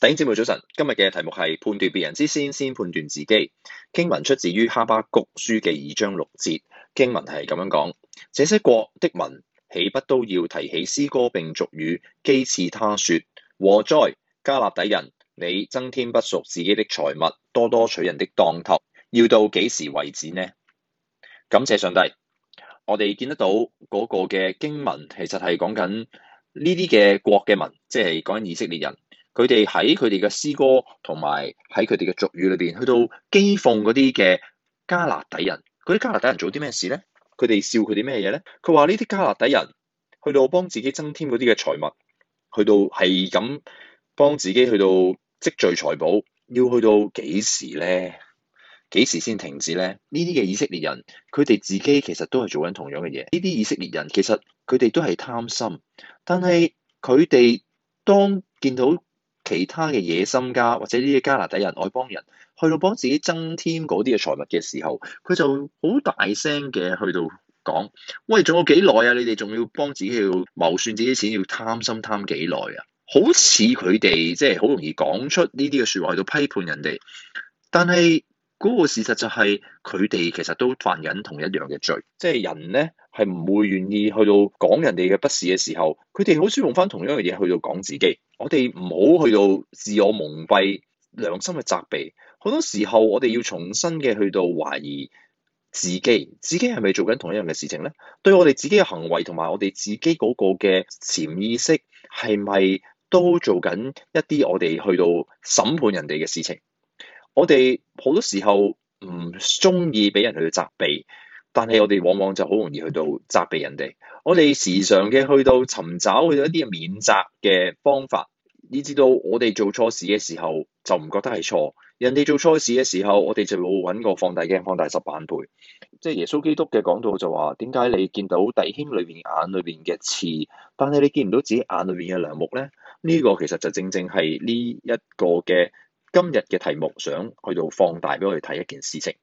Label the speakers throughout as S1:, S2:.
S1: 頂節目早晨，今日嘅題目係判斷別人之先，先判斷自己。經文出自於哈巴谷書第二章六節，經文係咁樣講：這些國的民豈不都要提起詩歌，並俗語譏刺他說：禍哉！迦勒底人，你增添不屬自己的財物，多多取人的當頭，要到幾時為止呢？感謝上帝，我哋見得到嗰個嘅經文，其實係講緊呢啲嘅國嘅民，即係講緊以色列人。佢哋喺佢哋嘅詩歌同埋喺佢哋嘅俗語裏邊，去到譏諷嗰啲嘅迦勒底人，嗰啲迦勒底人做啲咩事咧？佢哋笑佢哋咩嘢咧？佢話呢啲迦勒底人去到幫自己增添嗰啲嘅財物，去到係咁幫自己去到積聚財寶，要去到幾時咧？幾時先停止咧？呢啲嘅以色列人，佢哋自己其實都係做緊同樣嘅嘢。呢啲以色列人其實佢哋都係貪心，但係佢哋當見到其他嘅野心家或者呢啲迦勒底人、外邦人去到幫自己增添嗰啲嘅財物嘅時候，佢就好大聲嘅去到講：「喂，仲有幾耐啊？你哋仲要幫自己要謀算自己錢，要貪心貪幾耐啊？」好似佢哋即係好容易講出呢啲嘅說話，去到批判人哋，但係……嗰個事實就係佢哋其實都犯緊同一樣嘅罪，即係人咧係唔會願意去到講人哋嘅不是嘅時候，佢哋好少用翻同樣嘅嘢去到講自己。我哋唔好去到自我蒙蔽良心嘅責備。好多時候我哋要重新嘅去到懷疑自己，自己係咪做緊同一樣嘅事情咧？對我哋自己嘅行為同埋我哋自己嗰個嘅潛意識，係咪都做緊一啲我哋去到審判人哋嘅事情？我哋好多時候唔中意俾人去責備，但係我哋往往就好容易去到責備人哋。我哋時常嘅去到尋找去到一啲嘅免責嘅方法，以致到我哋做錯事嘅時候就唔覺得係錯。人哋做錯事嘅時候，我哋就冇揾個放大鏡放大十萬倍。即係耶穌基督嘅講道就話，點解你見到弟兄裏邊眼裏邊嘅刺，但係你見唔到自己眼裏邊嘅梁木咧？呢、這個其實就正正係呢一個嘅。今日嘅題目想去到放大俾我哋睇一件事情，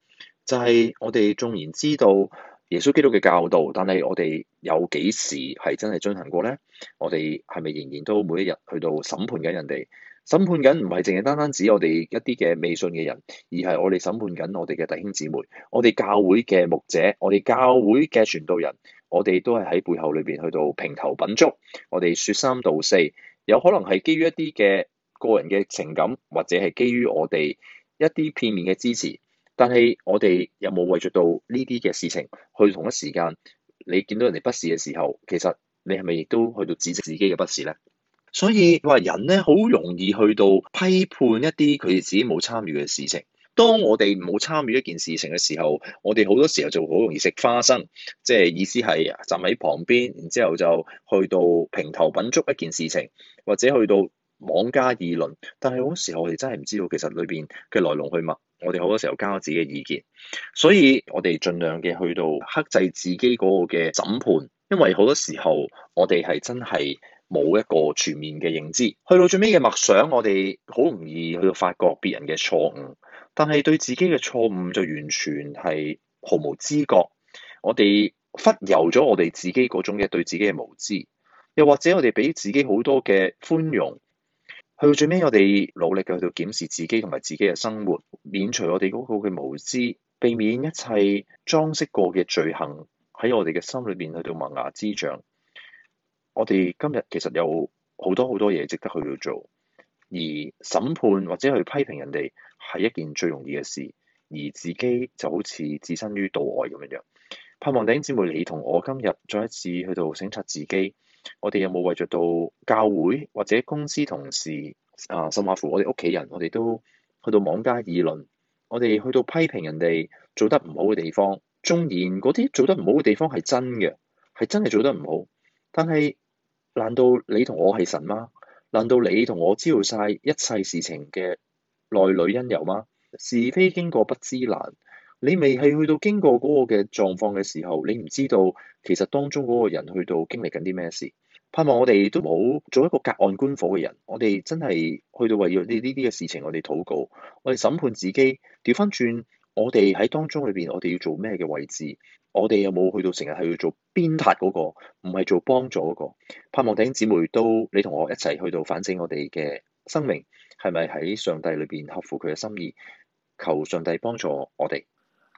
S1: 就係、是、我哋縱然知道耶穌基督嘅教導，但係我哋有幾時係真係進行過呢？我哋係咪仍然都每一日去到審判緊人哋？審判緊唔係淨係單單指我哋一啲嘅未信嘅人，而係我哋審判緊我哋嘅弟兄姊妹、我哋教會嘅牧者、我哋教會嘅傳道人，我哋都係喺背後裏邊去到評頭品足，我哋說三道四，有可能係基於一啲嘅。個人嘅情感，或者係基於我哋一啲片面嘅支持，但係我哋有冇為著到呢啲嘅事情，去同一時間你見到人哋不是嘅時候，其實你係咪亦都去到指責自己嘅不是呢？所以話人呢好容易去到批判一啲佢哋自己冇參與嘅事情。當我哋冇參與一件事情嘅時候，我哋好多時候就好容易食花生，即係意思係站喺旁邊，然之後就去到評頭品足一件事情，或者去到。妄加議論，但係好多時候我哋真係唔知道，其實裏邊嘅來龍去脈。我哋好多時候加咗自己嘅意見，所以我哋盡量嘅去到克制自己嗰個嘅審判，因為好多時候我哋係真係冇一個全面嘅認知。去到最尾嘅默想，我哋好容易去到發覺別人嘅錯誤，但係對自己嘅錯誤就完全係毫無知覺。我哋忽悠咗我哋自己嗰種嘅對自己嘅無知，又或者我哋俾自己好多嘅寬容。去到最尾，我哋努力嘅去到檢視自己同埋自己嘅生活，免除我哋嗰個嘅無知，避免一切裝飾過嘅罪行喺我哋嘅心裏面，去到萌芽滋長。我哋今日其實有好多好多嘢值得去到做，而審判或者去批評人哋係一件最容易嘅事，而自己就好似置身於度外咁樣樣。盼望弟兄姊妹你同我今日再一次去到審察自己。我哋有冇為著到教會或者公司同事啊，甚至乎我哋屋企人，我哋都去到妄加議論，我哋去到批評人哋做得唔好嘅地方。縱然嗰啲做得唔好嘅地方係真嘅，係真係做得唔好，但係難道你同我係神嗎？難道你同我知道晒一切事情嘅內裏因由嗎？是非經過不知難。你未係去到經過嗰個嘅狀況嘅時候，你唔知道其實當中嗰個人去到經歷緊啲咩事。盼望我哋都冇做一個隔岸觀火嘅人。我哋真係去到為要呢呢啲嘅事情，我哋禱告，我哋審判自己，調翻轉我哋喺當中裏邊，我哋要做咩嘅位置？我哋有冇去到成日係要做鞭撻嗰個，唔係做幫助嗰個？盼望弟兄姊妹都你同我一齊去到反省我哋嘅生命，係咪喺上帝裏邊合乎佢嘅心意？求上帝幫助我哋。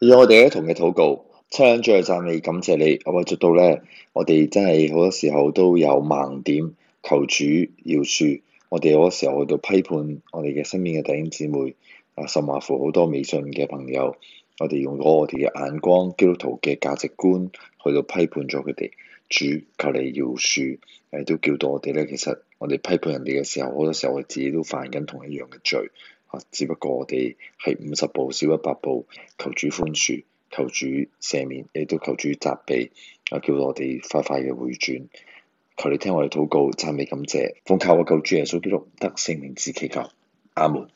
S1: 而我哋一同佢禱告，
S2: 唱讚你，感謝你，我哋做到咧，我哋真係好多時候都有盲點，求主饒恕。我哋好多時候去到批判我哋嘅身邊嘅弟兄姊妹，啊，甚至乎好多未信嘅朋友，我哋用咗我哋嘅眼光、基督徒嘅價值觀去到批判咗佢哋，主求你、饒恕，誒，都叫到我哋咧。其實我哋批判人哋嘅時候，好多時候我自己都犯緊同一樣嘅罪。只不過我哋係五十步少一百步，求主寬恕，求主赦免，亦都求主責備，啊！叫我哋快快嘅回轉，求你聽我哋禱告，讚美感謝，奉靠我救主耶穌基督得勝名之祈求，阿門。